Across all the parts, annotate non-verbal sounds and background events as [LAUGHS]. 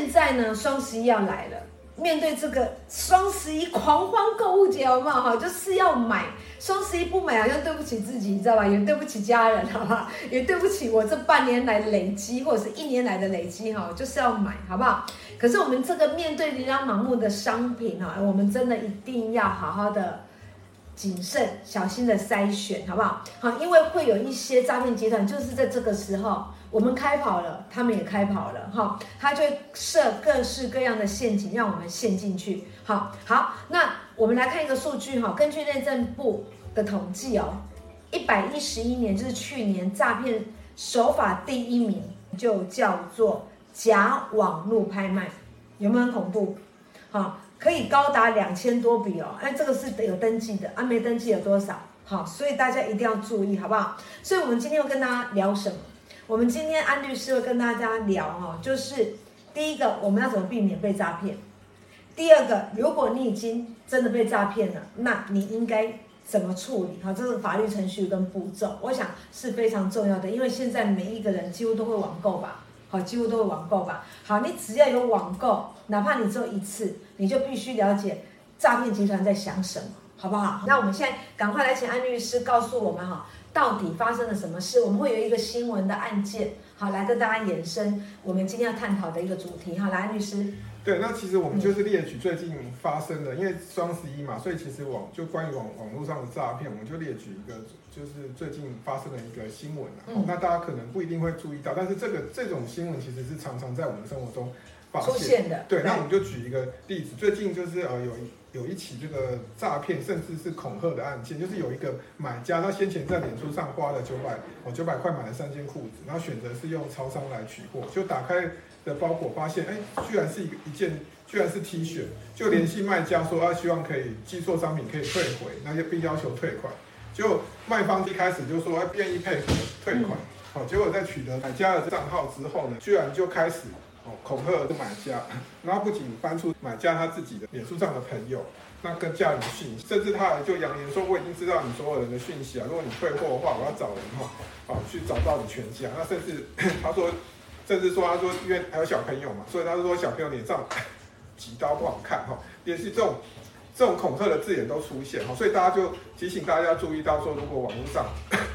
現在呢，雙十一要來了，面對這個雙十一狂歡購物節，好不好？就是要買。雙十一不買，好像對不起自己，你知道吧？也對不起家人，好不好？也對不起我這半年來的累積，或者是一年來的累積，哈，就是要買，好不好？可是我們這個面對琳瑯滿目的商品，啊，我們真的一定要好好的謹慎、小心的篩選，好不好？好，因為會有一些詐騙集團，就是在這個時候。我們開跑了，他們也開跑了，哈，他就設各式各樣的陷阱讓我們陷進去，好好，那我們來看一個數據哈，根據內政部的統計哦，一百一十一年就是去年詐騙手法第一名就叫做假網路拍賣，有沒有很恐怖？好，可以高達兩千多筆哦，那這個是有登記的，啊，沒登記有多少？好，所以大家一定要注意，好不好？所以我們今天要跟大家聊什麼？我們今天安律師會跟大家聊哦，就是第一個我們要怎麼避免被詐騙，第二個如果你已經真的被詐騙了，那你應該怎麼處理？好，這是法律程序跟步驟，我想是非常重要的，因為現在每一個人幾乎都會網購吧，好，幾乎都會網購吧，好，你只要有網購，哪怕你只有一次，你就必須了解詐騙集團在想什麼，好不好？那我們現在趕快來請安律師告訴我們哈。到底發生了什麼事？我們會有一個新聞的案件，好來跟大家延伸我們今天要探討的一個主題，好，來安律師。對，那其實我們就是列舉最近發生的、嗯，因為雙十一嘛，所以其實網就關於網網絡上的詐騙，我們就列舉一個，就是最近發生的一個新聞、嗯哦、那大家可能不一定會注意到，但是這個這種新聞其實是常常在我們生活中發現出現的。對，那我們就舉一個例子，最近就是呃有有一起這個詐騙甚至是恐嚇的案件，就是有一個買家，他先前在臉書上花了九百哦九百塊買了三件褲子，然後選擇是用超商來取貨，就打開。的包裹發現，哎、欸，居然是一個一件，居然是 T 恤，就聯繫賣家說，他、啊、希望可以寄錯商品可以退回，那就並要求退款。結果賣方一開始就說，不願意配合退款，好、哦，結果在取得買家的賬號之後呢，居然就開始哦恐嚇買家，然後不僅搬出買家他自己的臉書上的朋友，那跟家人的訊息，甚至他還就揚言說，我已經知道你所有人的訊息啊，如果你退貨的話，我要找人哈，啊、哦哦，去找到你全家，那甚至呵呵他說。甚至說，他說因為還有小朋友嘛，所以他說小朋友臉上幾刀不好看哈，也是這種這種恐嚇的字眼都出現哈，所以大家就提醒大家要注意到說，如果網絡上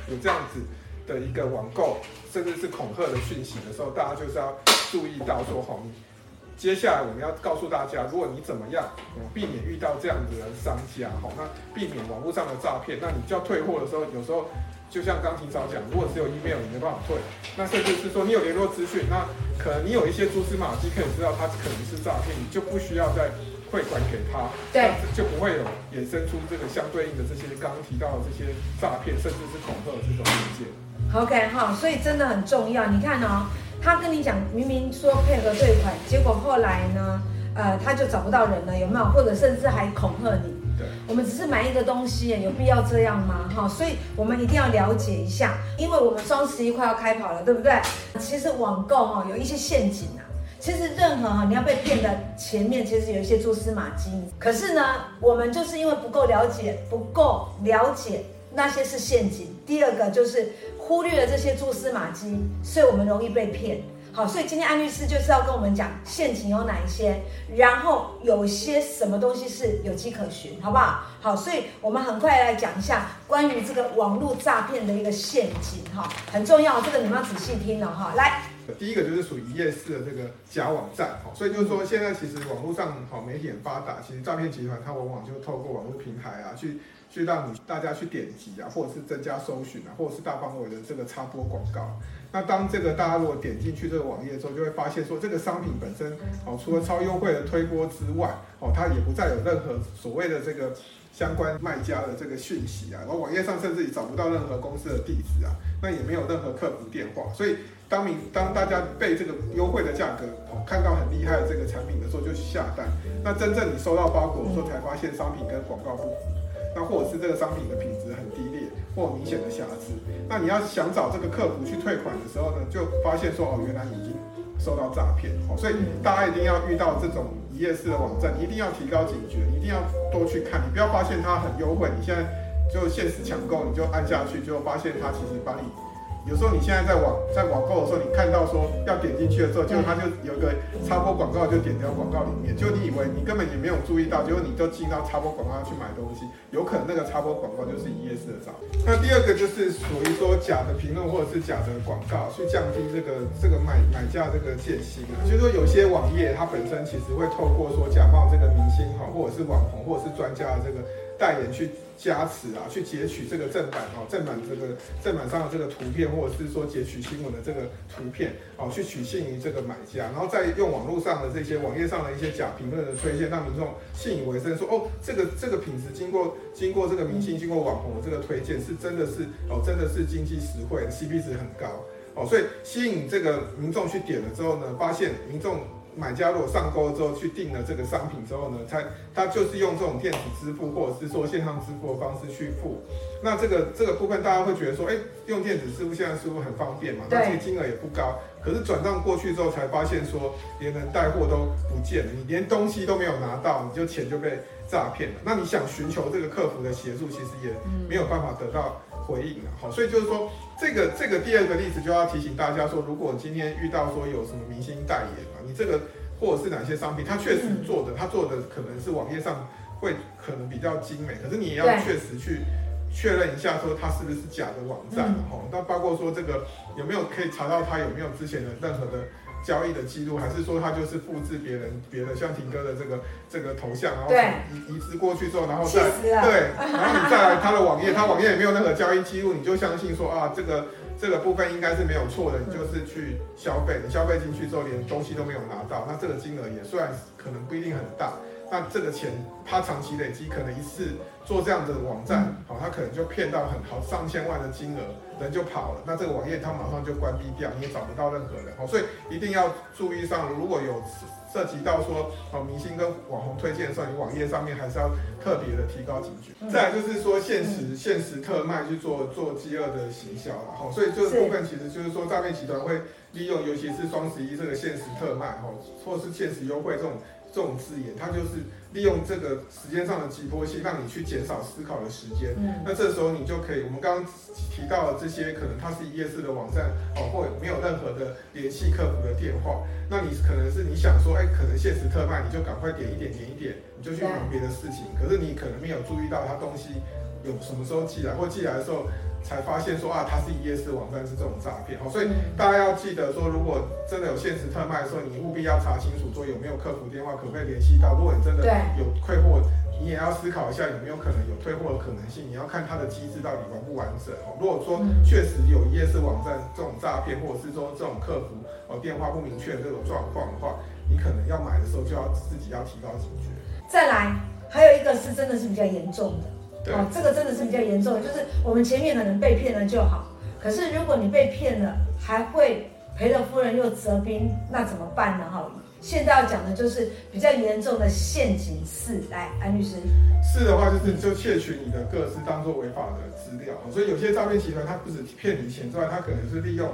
有這樣子的一個網購，甚至是恐嚇的訊息的時候，大家就是要注意到說，哈，接下來我們要告訴大家，如果你怎麼樣，避免遇到這樣子的商家哈，那避免網絡上的詐騙，那你就要退貨的時候，有時候。就像剛提早講，如果只有 email 你沒辦法退。那甚至是說你有聯絡資訊，那可能你有一些蛛絲馬跡可以知道他可能是詐騙，你就不需要再匯款給他，對，就不會有衍生出這個相對應的這些剛剛提到的這些詐騙，甚至是恐嚇的這種事件。OK 哈，所以真的很重要。你看哦，他跟你講明明說配合退款，結果後來呢，呃，他就找不到人了，有沒有？或者甚至還恐嚇你？我們只是買一個東西，有必要這樣嗎？哈、哦，所以我們一定要了解一下，因為我們雙十一快要開跑了，對不對？其實網購哈、哦、有一些陷阱啊，其實任何哈你要被騙的前面其實有一些蛛絲馬迹，可是呢，我們就是因為不夠了解，不夠了解那些是陷阱，第二個就是忽略了這些蛛絲馬迹，所以我們容易被騙。好，所以今天安律師就是要跟我們講陷阱有哪一些，然後有些什麼東西是有跡可循，好不好？好，所以我們很快來講一下關於這個網絡詐騙的一個陷阱哈，很重要，這個你們要仔細聽了哈。來，第一個就是屬於夜市的這個假網站哈，所以就是說現在其實網絡上哈媒體很發達，其實詐騙集團它往往就透過網絡平台啊去。去讓你大家去點擊啊，或者是增加搜尋啊，或者是大範圍的這個插播廣告。那當這個大家如果點進去這個網頁之後，就會發現說這個商品本身哦，除了超優惠的推播之外哦，它也不再有任何所謂的這個相關賣家的這個訊息啊，然後網頁上甚至也找不到任何公司的地址啊，那也沒有任何客服電話。所以當你當大家被這個優惠的價格哦看到很厲害的這個產品的時候，就去下單。那真正你收到包裹的時候才發現商品跟廣告不符。那或者是這個商品的品質很低劣，或明顯的瑕疵，那你要想找這個客服去退款的時候呢，就發現說哦，原來你已經受到詐騙，哦，所以大家一定要遇到這種一頁式的網站，你一定要提高警覺，你一定要多去看，你不要發現它很優惠，你現在就限時搶購，你就按下去，就發現它其實把你。有時候你現在在網在網購的時候，你看到說要點進去的時候，就它就有一個插播廣告，就點掉廣告裡面，就你以為你根本就沒有注意到，結果你就進到插播廣告上去買東西，有可能那個插播廣告就是一頁式的詐騙。那第二個就是，屬於說假的評論或者是假的廣告去降低這個這個買買家這個戒心，就是說有些網頁它本身其實會透過說假冒這個明星哈，或者是網紅或者是專家的這個。代言去加持啊，去截取這個正版哦，正版這個正版上的這個圖片，或者是說截取新聞的這個圖片哦，去取信於這個買家，然後再用網絡上的這些網頁上的一些假評論的推薦，讓民眾信以為真，說哦，這個這個品質經過經過這個明星、經過網紅的這個推薦是真的是哦，真的是經濟實惠，CP 值很高哦，所以吸引這個民眾去點了之後呢，發現民眾。買家如果上鈎之後，去訂了這個商品之後呢，他他就是用這種電子支付或者是說線上支付的方式去付。那這個這個部分，大家會覺得說，誒、欸，用電子支付現在是不是很方便嘛？對。而且金額也不高。可是轉賬過去之後，才發現說，連人帶貨都不見了，你連東西都沒有拿到，你就錢就被詐騙了。那你想尋求這個客服的協助，其實也沒有辦法得到。嗯回應了、啊，好，所以就是說，這個這個第二個例子就要提醒大家說，如果今天遇到說有什麼明星代言啊，你這個或者是哪些商品，他確實做的，他、嗯、做的可能是網頁上會可能比較精美，可是你也要確實去確認一下說他是不是假的網站，哈、嗯，那、哦、包括說這個有沒有可以查到他有沒有之前的任何的。交易的記錄，還是說他就是複製別人別的，像霆哥的這個這個頭像，然後移對移植過去之後，然後再對，然後你再來他的網頁， [LAUGHS] 他網頁也沒有任何交易記錄，你就相信說啊，這個這個部分應該是沒有錯的，你就是去消費，你消費進去之後連東西都沒有拿到，那這個金額也雖然可能不一定很大，那這個錢他長期累積，可能一次。做這樣的網站，好、哦，他可能就騙到很好上千萬的金額，人就跑了，那這個網頁他馬上就關閉掉，你也找不到任何人，好、哦，所以一定要注意上，如果有涉及到說、哦、明星跟網紅推薦的時候，你網頁上面還是要特別的提高警覺。嗯、再來就是說限時、嗯、限時特賣去做做飢餓的行銷了，好、哦，所以這個部分其實就是說詐騙集團會利用，尤其是雙十一這個限時特賣，哈、哦，或是限時優惠這種。這種字眼，它就是利用這個時間上的急迫性，讓你去減少思考的時間、嗯。那這時候你就可以，我們剛剛提到了這些，可能它是一頁式的網站，哦，或者沒有任何的聯繫客服的電話。那你可能是你想說，哎、欸，可能限時特賣，你就趕快點一點，點一點，你就去忙別的事情、嗯。可是你可能沒有注意到，它東西有什麼時候寄來，或寄來的時候。才發現說啊，它是一頁式網站是這種詐騙哦，所以大家要記得說，如果真的有限時特賣的時候，你務必要查清楚說有沒有客服電話，可不可以聯繫到。如果你真的有退貨，你也要思考一下有沒有可能有退貨的可能性，你要看它的機制到底完不完整哦，如果說確實有一頁式網站這種詐騙，或者是說這種客服哦，電話不明確這種狀況的話，你可能要買的時候就要自己要提高警覺。再來，還有一個是真的是比較嚴重的。哦，這個真的是比較嚴重，就是我們前面可能被騙了就好，可是如果你被騙了，還會賠了夫人又折兵，那怎麼辦呢？哈，現在要講的就是比較嚴重的陷阱四，來，安律師。四的話就是你就竊取你的個資當做違法的資料，所以有些詐騙集團他不止騙你錢之外，他可能是利用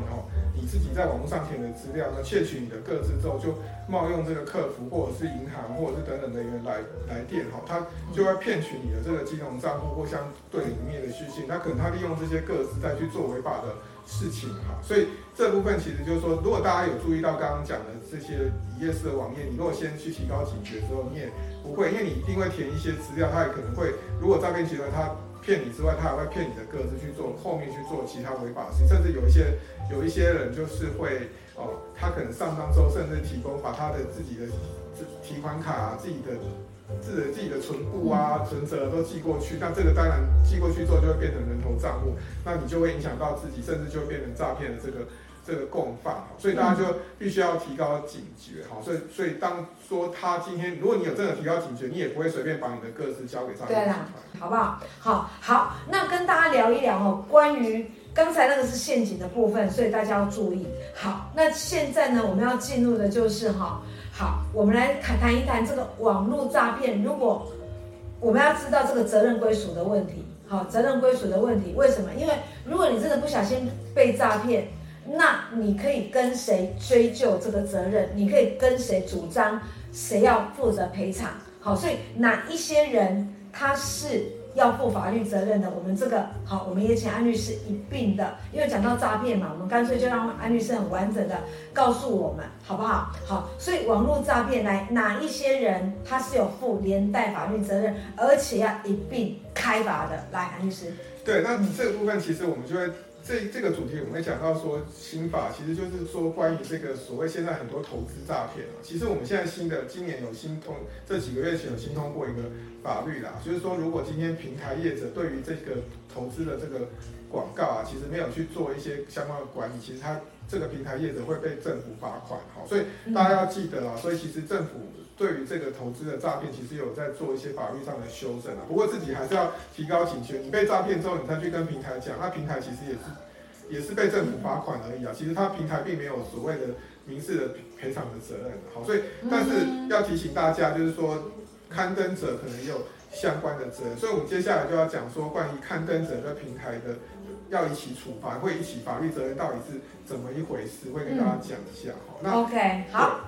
你自己在網絡上填的資料然後，竊取你的個資之後就。冒用這個客服，或者是銀行，或者是等等人來來電哈，他就會騙取你的這個金融賬戶或相對裡面的虛信。那可能他利用這些個資再去做違法的事情哈。所以這部分其實就是說，如果大家有注意到剛剛講的這些一頁式的網頁，你若先去提高警覺，之後你也不會，因為你一定會填一些資料，他也可能會。如果詐騙集團他騙你之外，他也會騙你的個資去做後面去做其他違法事，甚至有一些有一些人就是會。哦，他可能上當之後，甚至提供把他的自己的提款卡、啊、自己的自己的自己的存簿啊、存折都寄過去，那這個當然寄過去之後就會變成人頭賬戶，那你就會影響到自己，甚至就會變成詐騙的這個這個共犯，所以大家就必須要提高警覺，好、嗯哦，所以所以當說他今天，如果你有真的提高警覺，你也不會隨便把你的個資交給詐騙對了好不好？好好，那跟大家聊一聊哦，關於。剛才那個是陷阱的部分，所以大家要注意。好，那現在呢，我們要進入的就是哈，好，我們來談談一談這個網絡詐騙。如果我們要知道這個責任歸屬的問題，好，責任歸屬的問題，為什麼？因為如果你真的不小心被詐騙，那你可以跟誰追究這個責任？你可以跟誰主張，誰要負責賠償？好，所以哪一些人他是？要負法律責任的，我們這個好，我們也請安律師一併的，因為講到詐騙嘛，我們乾脆就讓安律師很完整的告訴我們，好不好？好，所以網絡詐騙來哪一些人他是有負連帶法律責任，而且要一併開罰的，來，安律師。對，那你這個部分其實我們就會。這這個主題，我們講到說新法，其實就是說關於這個所謂現在很多投資詐騙啊，其實我們現在新的今年有新通，這幾個月前有新通過一個法律啦，就是說如果今天平台業者對於這個投資的這個廣告啊，其實沒有去做一些相關的管理，其實它，這個平台業者會被政府罰款，好，所以大家要記得啊，所以其實政府，對於這個投資的詐騙，其實有在做一些法律上的修正啊。不過自己還是要提高警覺。你被詐騙之後，你再去跟平台講，那平台其實也是也是被政府罰款而已啊。其實它平台並沒有所謂的民事的賠償的責任。好，所以但是要提醒大家，就是說刊登者可能也有相關的責任。所以，我們接下來就要講說關於刊登者跟平台的要一起處罰，會一起法律責任到底是怎麼一回事。嗯，會跟大家講一下。好，那 OK 好。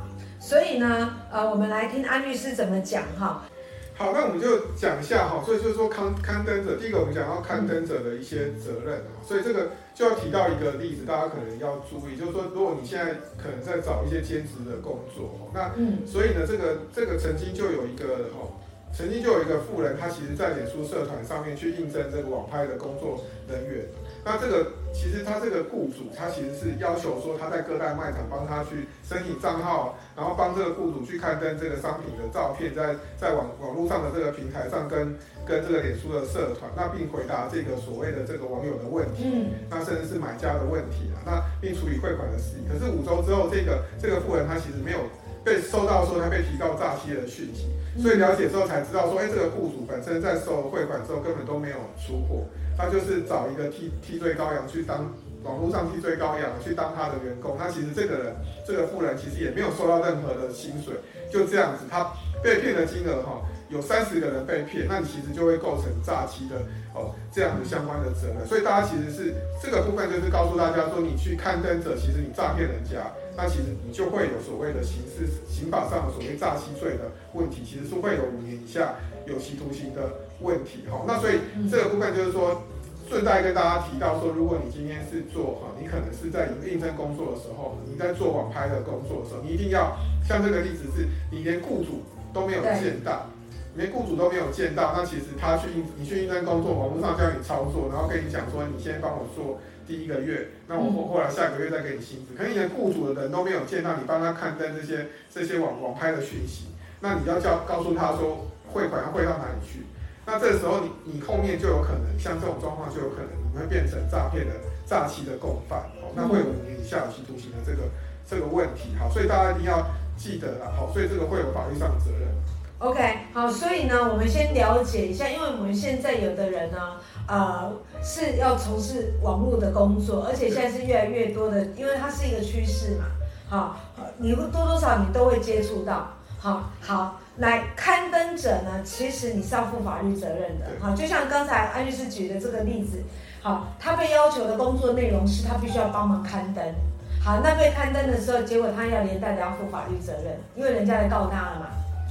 所以呢，呃，我們來聽安律師怎麼講哈。好，那我們就講一下哈。所以就是說，刊刊登者，第一個，我們講到刊登者的一些責任。所以這個就要提到一個例子，大家可能要注意，就是說，如果你現在可能在找一些兼職的工作，那，所以呢，這個這個曾經就有一個哈，曾經就有一個富人，他其實，在臉書社團上面去應徵這個網拍的工作人員，那這個。其實他這個雇主，他其實是要求說他在各大賣場幫他去申請賬號，然後幫這個雇主去刊登這個商品的照片，在在網網絡上的這個平台上跟跟這個臉書的社團，那並回答這個所謂的這個網友的問題，那甚至是買家的問題啊，那並處理匯款的事情。可是五週之後，這個，這個這個婦人，他其實沒有被收到說他被提告詐欺的訊息。所以了解之後才知道說，哎、欸，這個雇主本身在收匯款之後根本都沒有出貨，他就是找一個替替罪羔羊去當。網絡上替罪羔羊去當他的員工，那其實這個人這個富人其實也沒有收到任何的薪水，就這樣子，他被騙的金額哈、喔，有三十個人被騙，那你其實就會構成詐欺的哦、喔、這樣子相關的責任。所以大家其實是這個部分就是告訴大家說，你去刊登者，其實你詐騙人家，那其實你就會有所謂的刑事刑法上的所謂詐欺罪的問題，其實是會有五年以下有期徒刑的問題哈、喔。那所以這個部分就是說。順帶跟大家提到說，如果你今天是做哈、啊，你可能是在應應徵工作的時候，你在做網拍的工作的時候，你一定要像這個例子是，你連雇主都沒有見到，你連雇主都沒有見到，那其實他去你去應徵工作，網絡上叫你操作，然後跟你講說，你先幫我做第一個月，那我後後來下個月再給你薪資、嗯，可是你連雇主的人都沒有見到，你幫他看待這些這些網網拍的訊息，那你要叫告訴他說匯款要匯到哪裡去？那這個時候，你你後面就有可能，像這種狀況就有可能你會變成詐騙的詐欺的共犯哦，那會有五年以下有期徒刑的這個這個問題好，所以大家一定要記得了，好，所以這個會有法律上的責任。OK，好，所以呢，我們先了解一下，因為我們現在有的人呢、啊，呃，是要從事網絡的工作，而且現在是越來越多的，因為它是一個趨勢嘛，好，你多多少你都會接觸到，好好。來刊登者呢，其實你是要負法律責任的哈。就像剛才安律師舉的這個例子，好，他被要求的工作內容是他必須要幫忙刊登。好，那被刊登的時候，結果他要連帶的要負法律責任，因為人家來告他了嘛。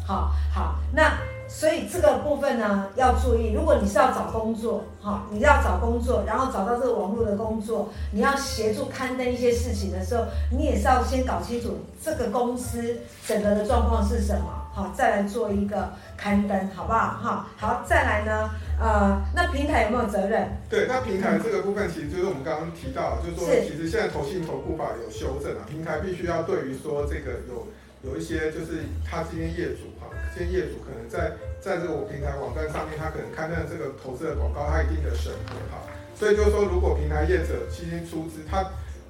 好好，那所以這個部分呢要注意，如果你是要找工作，哈，你要找工作，然後找到這個網絡的工作，你要協助刊登一些事情的時候，你也是要先搞清楚這個公司整個的狀況是什麼。好，再來做一個刊登，好不好？哈，好，再來呢，呃，那平台有沒有責任？對，那平台這個部分，其實就是我們剛剛提到、嗯，就是說，其實現在投信投顧法有修正啊，平台必須要對於說這個有有一些，就是他這些業主哈，這些業主可能在在這個平台網站上面，他可能刊登這個投資的廣告，他一定的審核哈。所以就是說，如果平台業者今天出資，他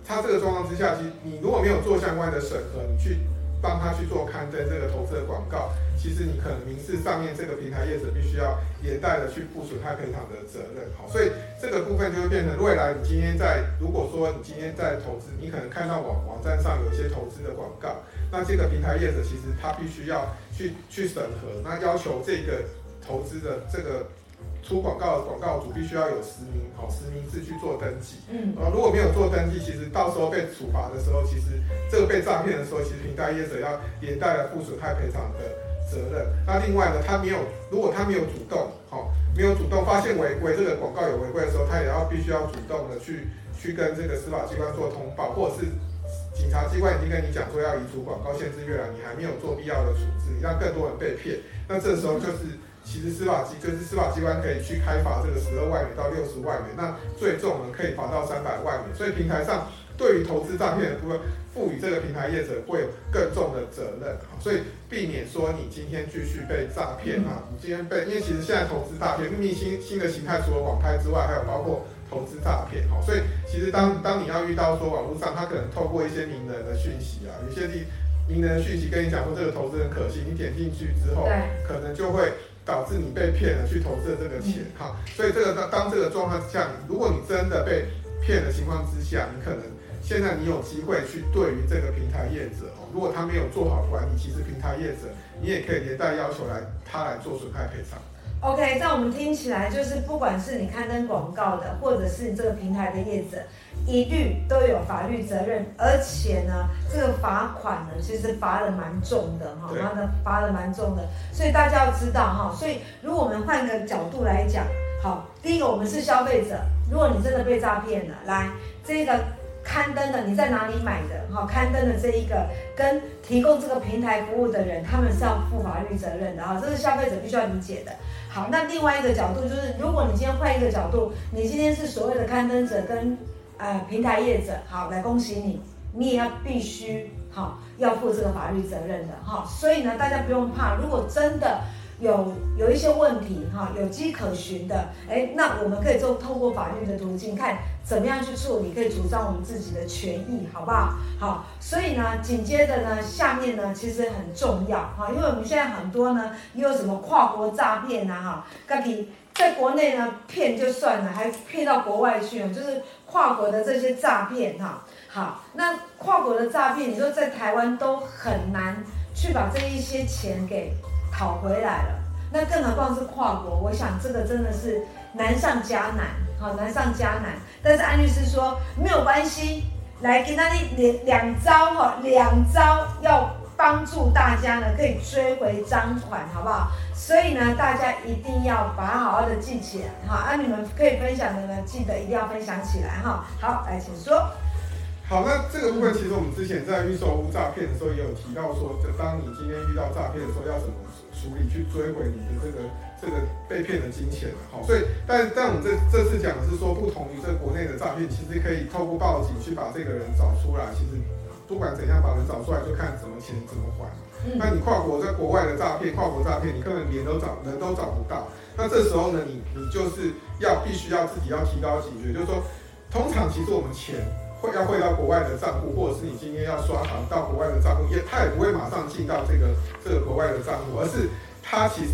他這個狀況之下，其實你如果沒有做相關的審核，你去。幫他去做刊登這個投資的廣告，其實你可能民事上面這個平台業者必須要連帶的去負損害賠償的責任。好，所以這個部分就會變成未來你今天在，如果說你今天在投資，你可能看到網網站上有一些投資的廣告，那這個平台業者其實他必須要去去審核，那要求這個投資的這個。出廣告的廣告主必須要有實名，好、哦，實名制去做登記。嗯、哦，如果沒有做登記，其實到時候被處罰的時候，其實這個被詐騙的時候，其實平台業者要也連帶負損害賠償的責任。那另外呢，他沒有，如果他沒有主動，好、哦，沒有主動發現違規，這個廣告有違規的時候，他也要必須要主動的去去跟這個司法機關做通報，或者是警察機關已經跟你講說要移除廣告限制月了，你還沒有做必要的處置，讓更多人被騙，那這時候就是。嗯其實司法機就是司法機關可以去開罰這個十二萬元到六十萬元，那最重呢，可以罰到三百萬元。所以平台上對於投資詐騙的部分，賦予這個平台業者會有更重的責任啊。所以避免說你今天繼續被詐騙啊，你今天被，因為其實現在投資詐騙秘密新新的形態，除了網拍之外，還有包括投資詐騙。所以其實當當你要遇到說網絡上他可能透過一些名人的訊息啊，有些地名人的訊息跟你講說這個投資很可信，你點進去之後，可能就會。導致你被騙了去投資這個錢哈，所以這個當當這個狀況下，如果你真的被騙的情況之下，你可能現在你有機會去對於這個平台業者哦，如果他沒有做好管理，其實平台業者你也可以連帶要求來他來做損害賠償。OK，那我們聽起來就是不管是你刊登廣告的，或者是這個平台的業者。一律都有法律責任，而且呢，這個罰款呢，其實罰得蠻重的哈，罰得罰得蠻重的，所以大家要知道哈。所以，如果我們換個角度來講，好，第一個，我們是消費者，如果你真的被詐騙了，來，這個刊登的你在哪裡買的哈，刊登的這一個跟提供這個平台服務的人，他們是要負法律責任的哈，這是消費者必須要理解的。好，那另外一個角度就是，如果你今天換一個角度，你今天是所謂的刊登者跟呃平台業者，好，來恭喜你，你也要必須，好、哦，要負這個法律責任的，哈、哦。所以呢，大家不用怕，如果真的有有一些問題，哈、哦，有跡可循的、欸，那我們可以做透過法律的途徑，看怎麼樣去處理，可以主張我們自己的權益，好不好？好，所以呢，緊接着呢，下面呢，其實很重要，哈、哦，因為我們現在很多呢，又有什麼跨國詐騙吶，哈、哦，在國內呢，騙就算了，還騙到國外去啊，就是跨國的這些詐騙哈。好，那跨國的詐騙，你說在台灣都很難去把這一些錢給討回來了，那更何況是跨國？我想這個真的是難上加難，好，難上加難。但是安律師說沒有關係，來給大家兩兩招哈，兩招要。幫助大家呢，可以追回贓款，好不好？所以呢，大家一定要把好好的記起來，好，而、啊、你們可以分享的呢，記得一定要分享起來哈。好，來請說。好，那這個部分其實我們之前在預售屋詐騙的時候也有提到說，當你今天遇到詐騙的時候要怎麼處理，去追回你的這個這個被騙的金錢，好，所以但但我們這這次講的是說，不同於這國內的詐騙，其實可以透過報警去把這個人找出來，其實。不管怎樣，把人找出來就看怎麼錢怎麼還。嗯、那你跨國在國外的詐騙，跨國詐騙，你根本連都找人都找不到。那這時候呢，你你就是要必須要自己要提高警覺，就是說，通常其實我們錢會要匯到國外的賬戶，或者是你今天要刷卡到國外的賬戶，也他也不會馬上進到這個這個國外的賬戶，而是他其實。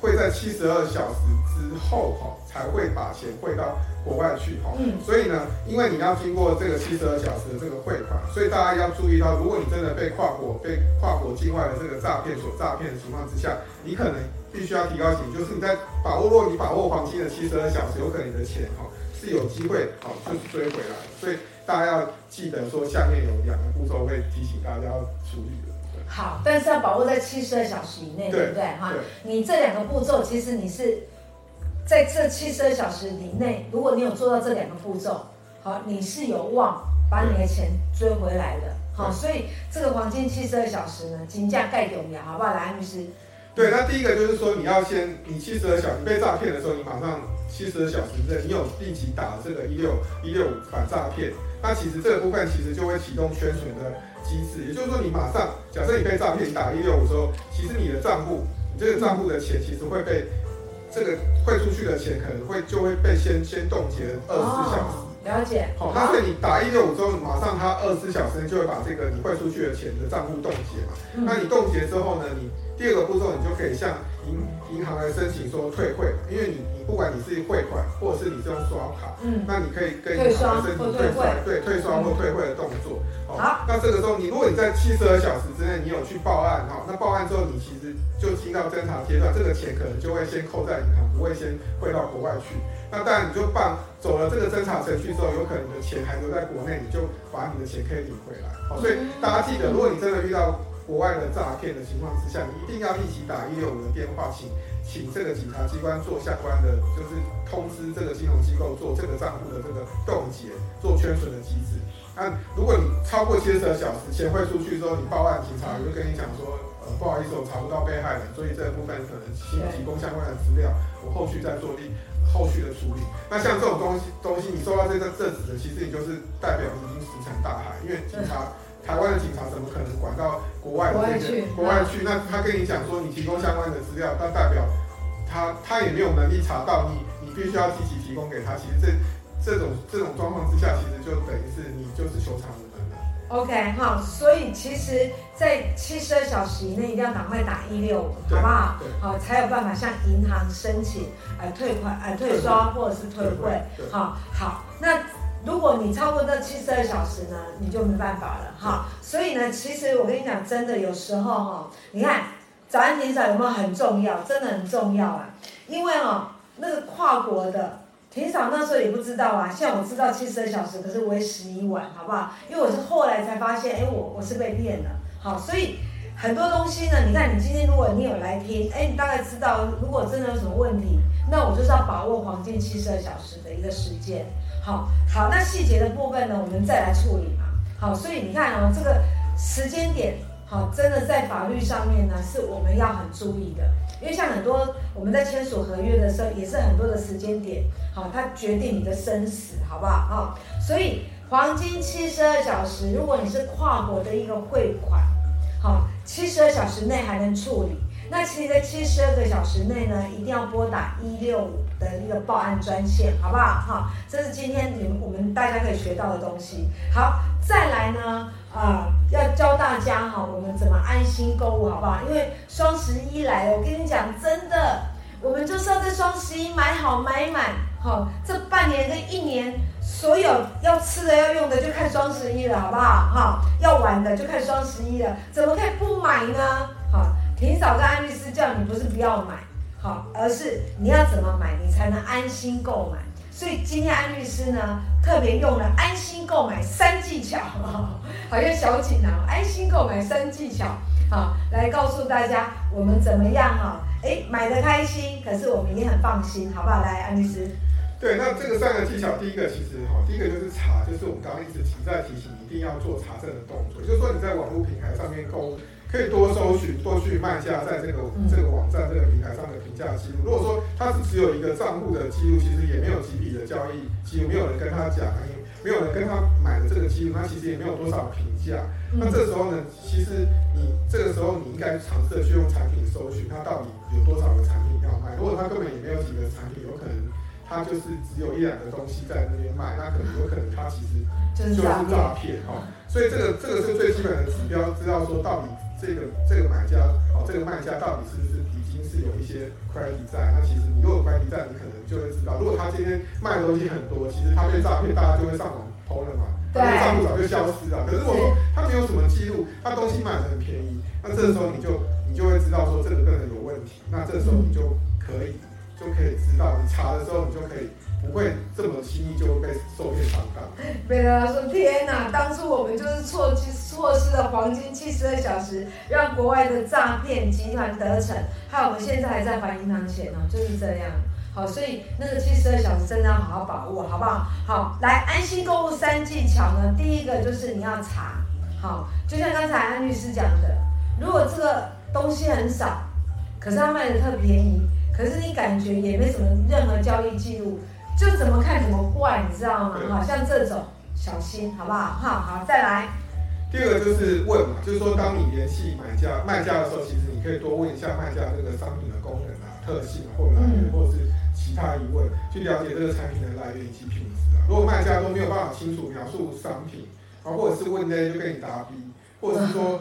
會在七十二小時之後哈、哦，才會把錢匯到國外去哈、哦嗯。所以呢，因為你要經過這個七十二小時的這個匯款，所以大家要注意到，如果你真的被跨國、被跨國境外的這個詐騙所詐騙的情況之下，你可能必須要提高警惕。就是你在把握，若你把握黃金的七十二小時，有可能你的錢哈、哦、是有機會哈、哦、就追回來。所以大家要記得說，下面有兩個步驟會提醒大家要注意。好，但是要把握在七十二小時以內，對不對？哈，你這兩個步驟其實你是在這七十二小時以內，如果你有做到這兩個步驟，好，你是有望把你的錢追回來的。好，所以這個黃金七十二小時呢，金價蓋頂了，好不好？安律師。對，那第一個就是說，你要先，你七十二小時被詐騙的時候，你馬上七十二小時內，你有立即打這個一六一六五反詐騙，那其實這個部分其實就會啟動宣傳的。嗯機制，也就是說，你馬上，假設你被詐騙打165之後，其實你的賬戶，你這個賬戶的錢，其實會被這個匯出去的錢，可能會就會被先先凍結二十四小時、哦。了解。好、哦，所以你打165之後，馬上他二十四小時就會把這個你匯出去的錢的賬戶凍結嘛。嗯、那你凍結之後呢，你第二個步驟，你就可以向。銀銀行來申請說退匯，因為你你不管你是匯款或者是你這種刷卡，嗯，那你可以跟銀行申請退刷、嗯、對退刷或退匯的動作。好、嗯喔啊，那這個時候你如果你在七十二小時之內你有去報案哈、喔，那報案之後你其實就進到偵查階段，這個錢可能就會先扣在銀行，不會先匯到國外去。那當然你就辦走了這個偵查程序之後，有可能你的錢還留在國內，你就把你的錢可以領回來。嗯喔、所以大家記得，如果你真的遇到。國外的詐騙的情況之下，你一定要立即打165的電話，請請這個警察機關做相關的，就是通知這個金融機構做這個賬戶的這個凍結，做圈存的機制。那如果你超過七十個小時，錢匯出去之後，你報案，警察也就跟你講說，呃，不好意思，我查不到被害人，所以這一部分可能請提供相關的資料，我後續再做力、呃、後續的處理。那像這種東西東西，你收到這個證據的，其實你就是代表已經石沉大海，因為警察。台灣的警察怎麼可能管到國外，國外去？國外去？那，那他跟你講說，你提供相關的資料，但代表他他也沒有能力查到你，你必須要積極提供給他。其實這這種這種狀況之下，其實就等於是你就是求償的人了。OK，好。所以其實，在七十二小時以內一定要趕快打一六五，好不好？好、哦，才有辦法向銀行申請呃退款、呃退刷或者是退匯。好、哦，好，那。如果你超過這七十二小時呢，你就沒辦法了哈。所以呢，其實我跟你講，真的有時候哈、哦，你看，早安霆嫂有沒有很重要？真的很重要啊。因為哦，那個跨國的，霆嫂那時候也不知道啊。像我知道七十二小時，可是為時已晚，好不好？因為我是後來才發現，哎，我我是被騙了。好，所以很多東西呢，你看，你今天如果你有來聽，哎，你大概知道，如果真的有什麼問題，那我就是要把握黃金七十二小時的一個時間。好好，那細節的部分呢，我們再來處理嘛。好，所以你看哦，這個時間點，好，真的在法律上面呢，是我們要很注意的。因為像很多我們在簽署合約的時候，也是很多的時間點，好，它決定你的生死，好不好啊？所以黃金七十二小時，如果你是跨國的一個匯款，好，七十二小時內還能處理，那其實在七十二個小時內呢，一定要撥打一六五，的一個報案專線，好不好？哈，這是今天你們我們大家可以學到的東西。好，再來呢，啊、呃，要教大家哈，我們怎麼安心購物，好不好？因為雙十一來了，我跟你講，真的，我們就是要在雙十一買好買滿，好、哦，這半年跟一年所有要吃的要用的就看雙十一了，好不好？哈、哦，要玩的就看雙十一了，怎麼可以不買呢？好、哦，霆嫂跟安律師叫你不是不要買。而是你要怎麼買，你才能安心購買。所以今天安律師呢，特別用了安心購買三技巧，好，像小錦囊安心購買三技巧，好，來告訴大家我們怎麼樣哈，哎、欸，買的開心，可是我們也很放心，好不好？來，安律師。對，那這個三個技巧，第一個其實好，第一個就是查，就是我們剛剛一直提在提醒，一定要做查證的動作，就是說你在網絡平台上面購物。最多搜尋多去賣家在這個這個網站這個平台上的評價記錄。如果說他是只有一個賬戶的記錄，其實也沒有幾筆的交易記錄，其實沒有人跟他講，也沒有人跟他買的這個記錄，他其實也沒有多少評價。那這時候呢，其實你這個時候你應該嘗試去用產品搜尋他到底有多少個產品要賣。如果他根本也沒有幾個產品，有可能他就是只有一兩個東西在那邊賣，那可能有可能他其實就是詐騙哈。所以這個這個是最基本的指標，知道說到底。這個這個買家哦，這個賣家到底是不是已經是有一些 credit 在？那其實你如果有 credit 在，你可能就會知道，如果他今天賣的東西很多，其實他被詐騙，大家就會上網偷了嘛，他的賬戶早就消失了。可是我說他沒有什麼記錄，他東西賣的很便宜，那這時候你就你就會知道說這個個人有問題，那這時候你就可以、嗯、就可以知道，你查的時候你就可以。不會這麼輕易就會被受騙上當，被人家說天哪！當初我們就是錯失錯失了黃金七十二小時，讓國外的詐騙集團得逞，害我們現在還在還銀行錢呢哦。就是這樣，好，所以那個七十二小時真的要好好把握，好不好？好，來安心購物三技巧呢，第一個就是你要查，好，就像剛才安律師講的，如果這個東西很少，可是它賣的特別便宜，可是你感覺也沒什麼任何交易記錄。就怎麼看怎麼怪，你知道嗎？好像這種小心，好不好？哈，好，再來。第二個就是問嘛，就是說，當你聯繫買家、賣家的時候，其實你可以多問一下賣家這個商品的功能啊、特性、啊、或者來源、嗯，或是其他疑問，去了解這個產品的來源以及品質啊。如果賣家都沒有辦法清楚描述商品，啊、或者是問些就給你答 B。或者是說，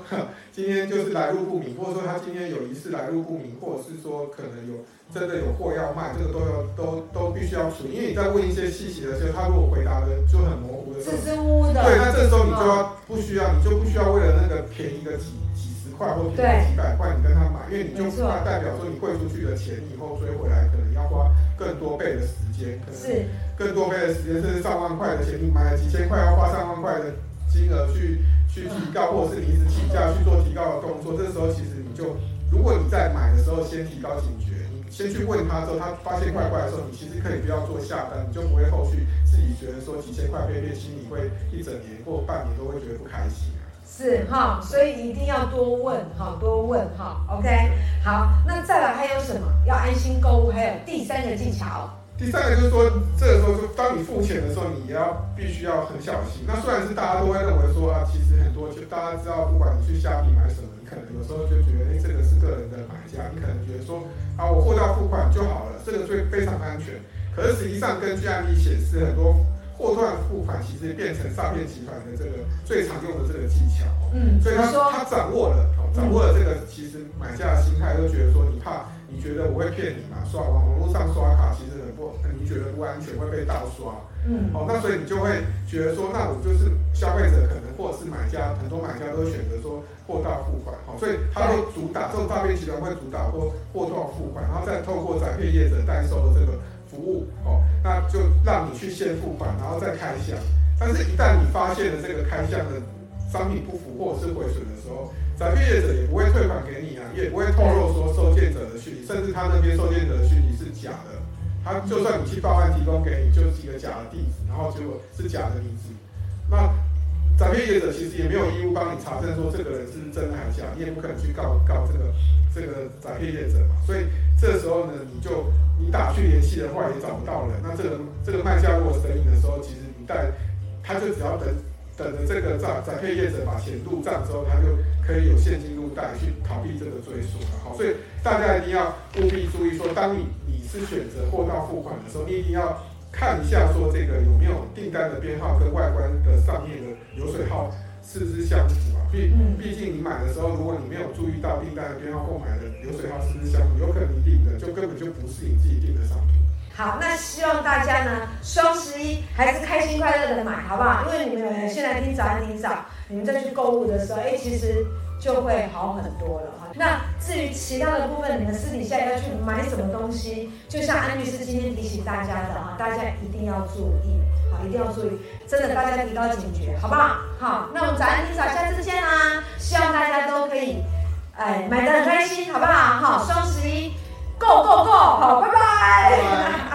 今天就是來路不明，或者說他今天有一次來路不明，或者是說可能有真的有貨要賣，這個都要都都必須要處理。因為你在問一些細節的時候，他如果回答的就很模糊的，時候，的，對，那這時候你就要不需要，嗯、你就不需要為了那個便宜個幾幾十塊或便宜幾百塊，你跟他買，因為你就是怕代表說你匯出去的錢以後追回來，可能要花更多倍的時間，是可能更多倍的時間，甚至上萬塊的錢，你買了幾千塊，要花上萬塊的金額去。去提高，或者是你一直請假去做提高的動作，這時候其實你就，如果你在買的時候先提高警覺，你先去問他之後，他發現怪怪的時候，你其實可以不要做下單，你就不會後續自己覺得說幾千塊被騙，心裡會一整年或半年都會覺得不開心、啊。是哈，所以一定要多問哈、哦，多問哈、哦、，OK。好，那再來還有什麼要安心購物？還有第三個技巧。第三個就是說，這個時候就當你付錢的時候，你要必須要很小心。那雖然是大家都會認為說啊，其實很多就大家知道，不管你去蝦皮買什麼，你可能有時候就覺得，哎，這個是個人的買家，你可能覺得說啊，我貨到付款就好了，這個最非常安全。可是實際上，根據案例顯示，很多貨到付款其實變成詐騙集團的這個最常用的這個技巧、哦。嗯，所以他說他掌握了、哦，掌握了這個其實買家的心態，都覺得說你怕。你覺得我會騙你嗎？刷網絡上刷卡其實很不，你覺得不安全會被盜刷。嗯。哦，那所以你就會覺得說，那我就是消費者可能或者是買家，很多買家都選擇說貨到付款。好，哦，所以他會主打這種詐騙集團會主打說貨到付款，然後再透過宅配業者代收的這個服務，哦，那就讓你去先付款，然後再開箱。但是，一旦你發現了這個開箱的商品不符或者是毀損的時候，詐騙者也不會退款給你啊，也不會透露說收件者的訊息，甚至他那邊收件者的訊息是假的，他就算你去報案提供給你，就是一個假的地址，然後結果是假的名字。那宅配業者其實也沒有義務幫你查證說這個人是真還是假，你也不可能去告告這個這個宅配業者嘛。所以這個時候呢，你就你打去聯繫的話也找不到人。那這個這個賣家如果生意的時候，其實你帶他就只要等。等着這個賬在配業者把錢入賬之後，他就可以有現金入袋去逃避這個追訴了。好，所以大家一定要務必注意說，說當你你是選擇貨到付款的時候，你一定要看一下說這個有沒有訂單的編號跟外觀的上面的流水號是不是相符啊？畢畢竟你買的時候，如果你沒有注意到訂單的編號購買的流水號是不是相符，有可能你訂的就根本就不是你自己訂的商品。好，那希望大家呢，雙十一還是開心快樂的買，好不好？因為你們、呃、現在聽找安霆嫂，你們再去購物的時候，哎、欸，其實就會好很多了哈。那至於其他的部分，你們私底下要去買什麼東西，就像安律師今天提醒大家的哈，大家一定要注意，好，一定要注意，真的，大家提高警覺，好不好？好，那我們找安霆嫂下次見啦、啊，希望大家都可以，哎、呃，買得很開心，好不好？好，雙十一。Go go go！好，拜拜。 [LAUGHS]